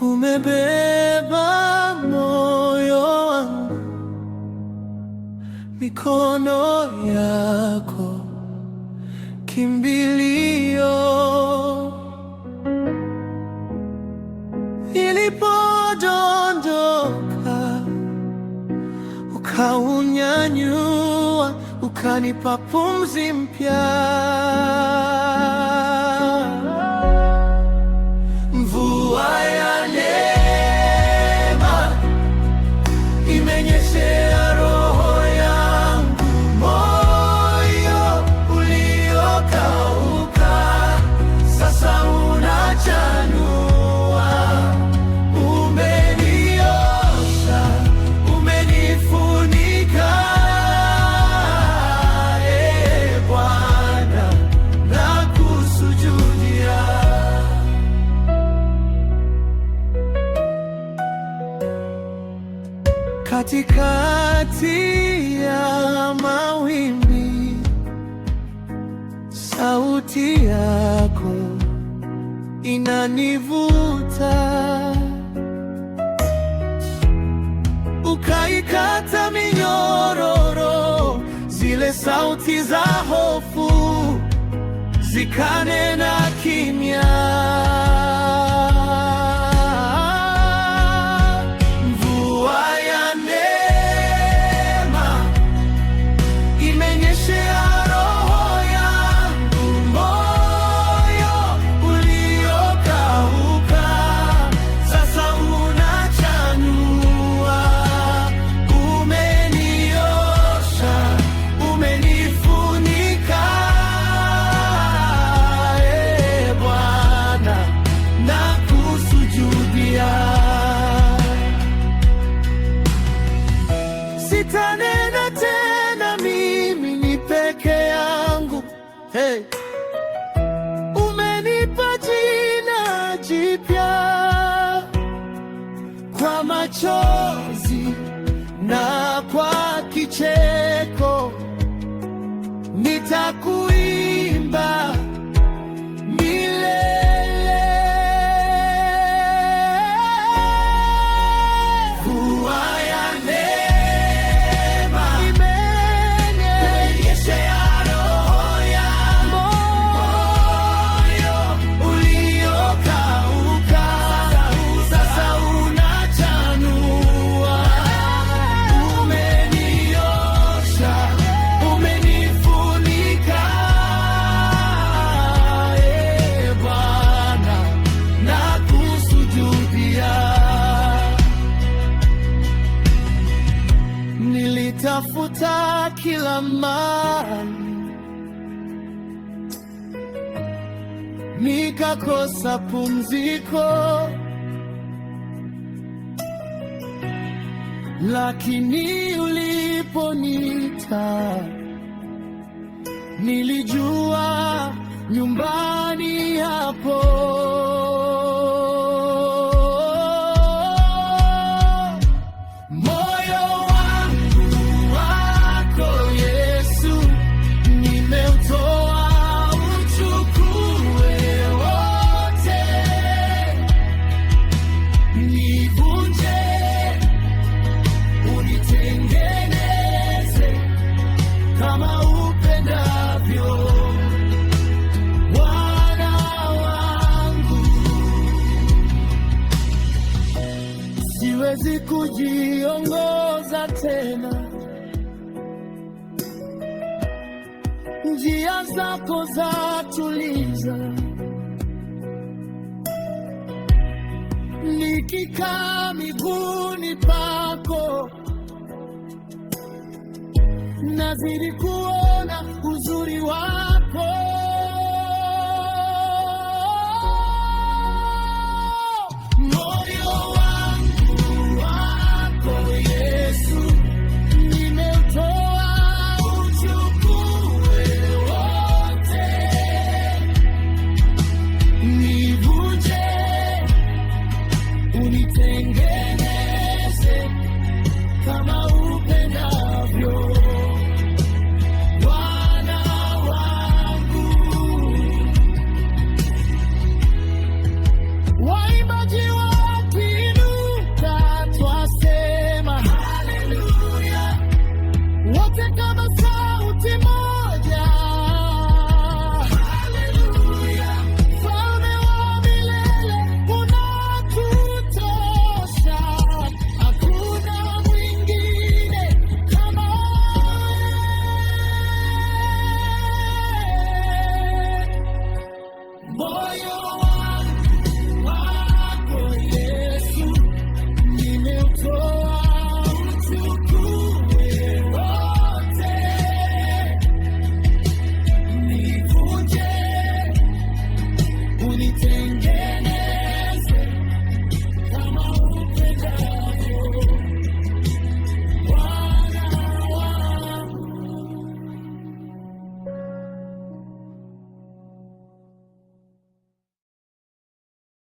umebeba moyo wangu mikono yako kimbilio, nilipodondoka ukaunyanyua ukanipa pumzi mpya. katikati ya mawimbi, sauti yako inanivuta, ukaikata minyororo, zile sauti za hofu zikanena kimya. 嘿。Nilitafuta kila mahali, nikakosa pumziko, lakini uliponita nilijua nyumbani hapo. kuniongoza tena, njia zako za tuliza, nikikaa miguuni pako nazidi kuona uzuri wako.